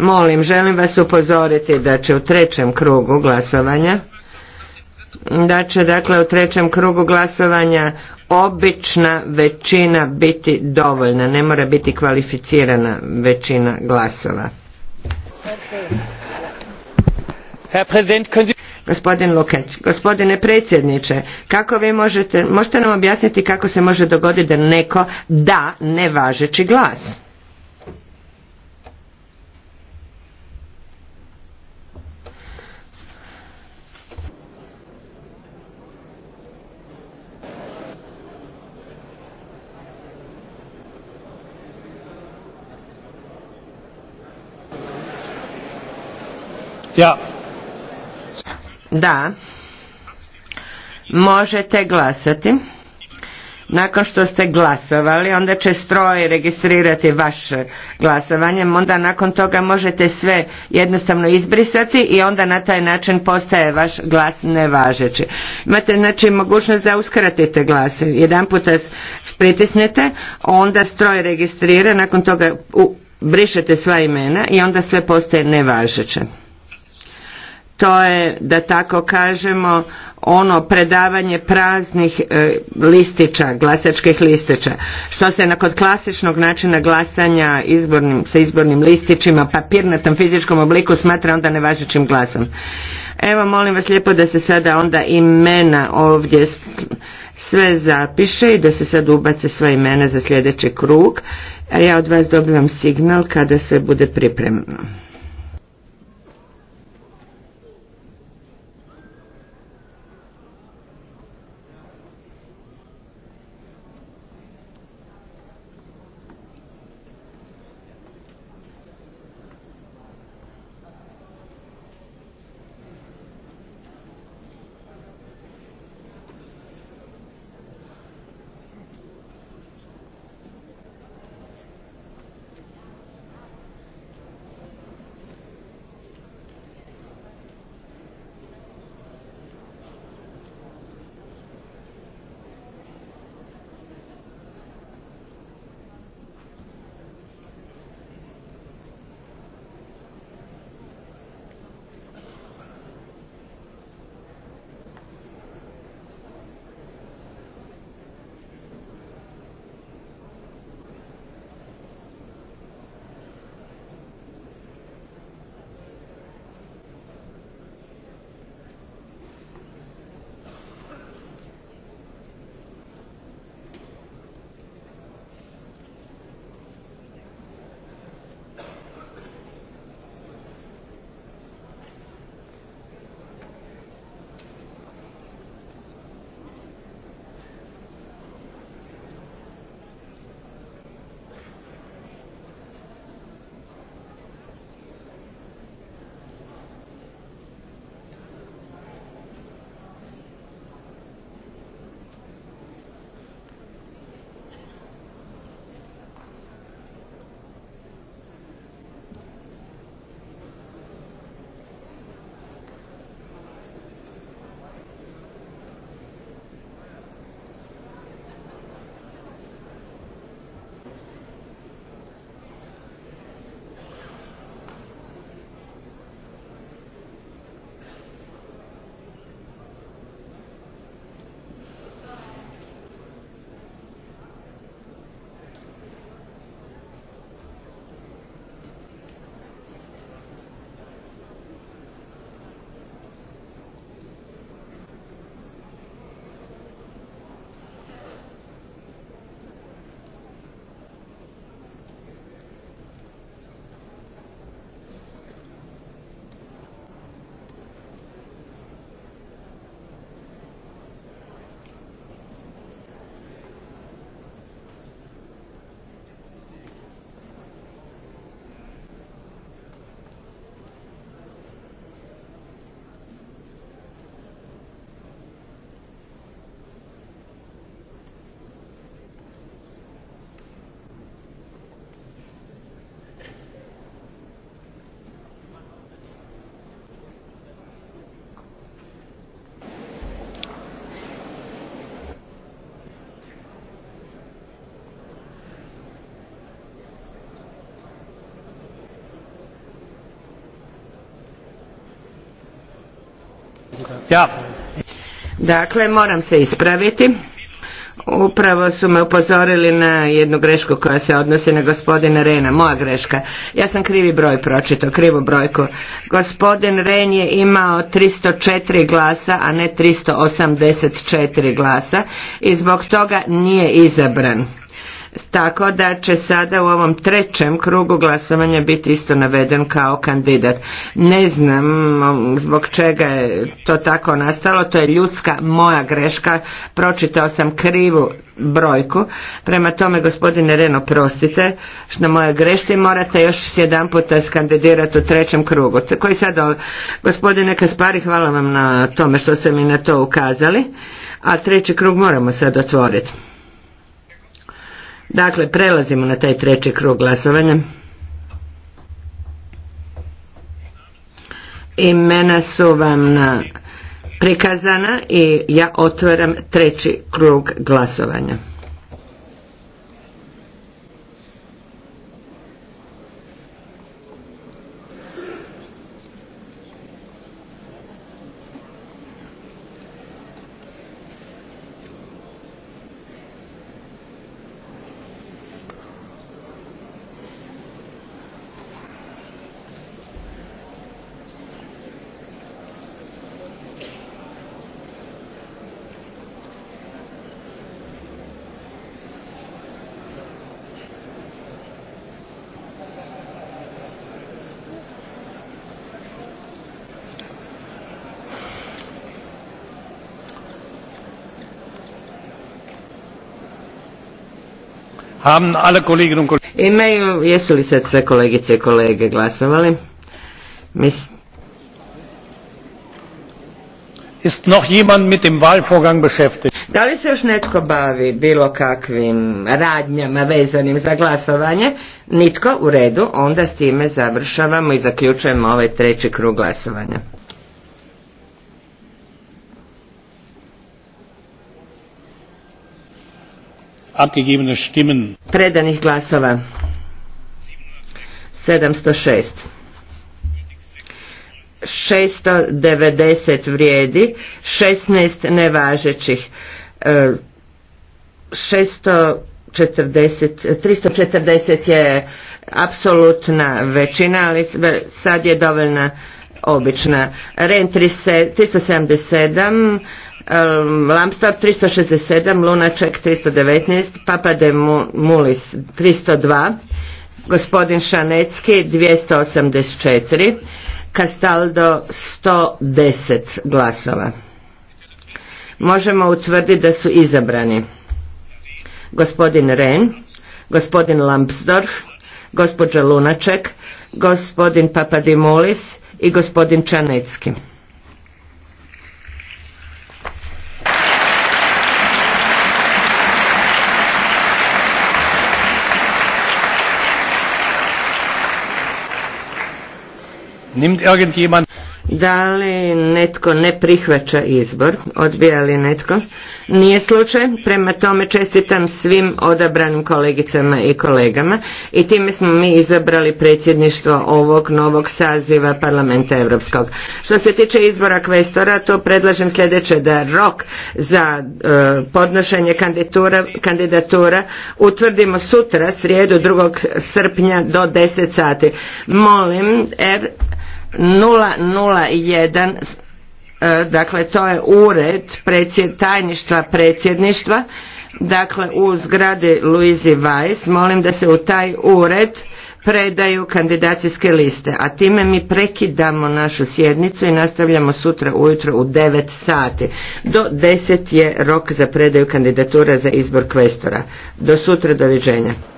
Molim, želim vas upozoriti da će u trećem krugu glasovanja da će dakle u trećem krugu glasovanja obična većina biti dovoljna, ne mora biti kvalificirana većina glasova. Gospodin gospodine predsjedniče, kako vi možete, možete nam objasniti kako se može dogoditi da neko da nevažeći glas? Ja. Da. Možete glasati. Nakon što ste glasovali, onda će stroj registrirati vaše glasovanje, onda nakon toga možete sve jednostavno izbrisati i onda na taj način postaje vaš glas nevažeći. Imate znači mogućnost da uskratite glas, Jedan puta pritisnete, onda stroj registrira, nakon toga brišete sva imena i onda sve postaje nevažeće to je da tako kažemo ono predavanje praznih e, listića, glasačkih listića, što se nakon klasičnog načina glasanja izbornim, sa izbornim listićima, papirnatom fizičkom obliku smatra onda nevažećim glasom. Evo molim vas lijepo da se sada onda imena ovdje sve zapiše i da se sad ubace sva imena za sljedeći krug. A ja od vas dobivam signal kada sve bude pripremno. Ja. Dakle, moram se ispraviti. Upravo su me upozorili na jednu grešku koja se odnosi na gospodina Rena, moja greška. Ja sam krivi broj pročito, krivu brojku. Gospodin Ren je imao 304 glasa, a ne 384 glasa i zbog toga nije izabran tako da će sada u ovom trećem krugu glasovanja biti isto naveden kao kandidat. Ne znam um, zbog čega je to tako nastalo, to je ljudska moja greška, pročitao sam krivu brojku, prema tome gospodine Reno prostite što moje grešci morate još jedan puta skandidirati u trećem krugu koji sada gospodine Kaspari hvala vam na tome što ste mi na to ukazali a treći krug moramo sad otvoriti Dakle, prelazimo na taj treći krug glasovanja. Imena su vam prikazana i ja otvaram treći krug glasovanja. Imaju, jesu li sad sve kolegice i kolege glasovali? Da li se još netko bavi bilo kakvim radnjama vezanim za glasovanje? Nitko u redu, onda s time završavamo i zaključujemo ovaj treći krug glasovanja. abgegebene Stimmen. Predanih glasova 706. 690 vrijedi, 16 nevažećih, 640, e, 340 je apsolutna većina, ali sad je dovoljna obična. REN 377, Lamstor 367, Lunaček 319, Papa de Mulis 302, gospodin Šanecki 284, Castaldo 110 glasova. Možemo utvrditi da su izabrani gospodin Ren, gospodin lampsdorf gospođa Lunaček, gospodin Papadimulis i gospodin Čanecki. Da li netko ne prihvaća izbor? Odbija li netko? Nije slučaj, prema tome čestitam svim odabranim kolegicama i kolegama i time smo mi izabrali predsjedništvo ovog novog saziva Parlamenta Europskog. Što se tiče izbora kvestora, to predlažem sljedeće da rok za e, podnošenje kandidatura, utvrdimo sutra, srijedu 2. srpnja do 10 sati. Molim, er, 001 e, dakle to je ured predsjed, tajništva predsjedništva dakle u zgradi Luizi Weiss molim da se u taj ured predaju kandidacijske liste a time mi prekidamo našu sjednicu i nastavljamo sutra ujutro u 9 sati do 10 je rok za predaju kandidatura za izbor kvestora do sutra doviđenja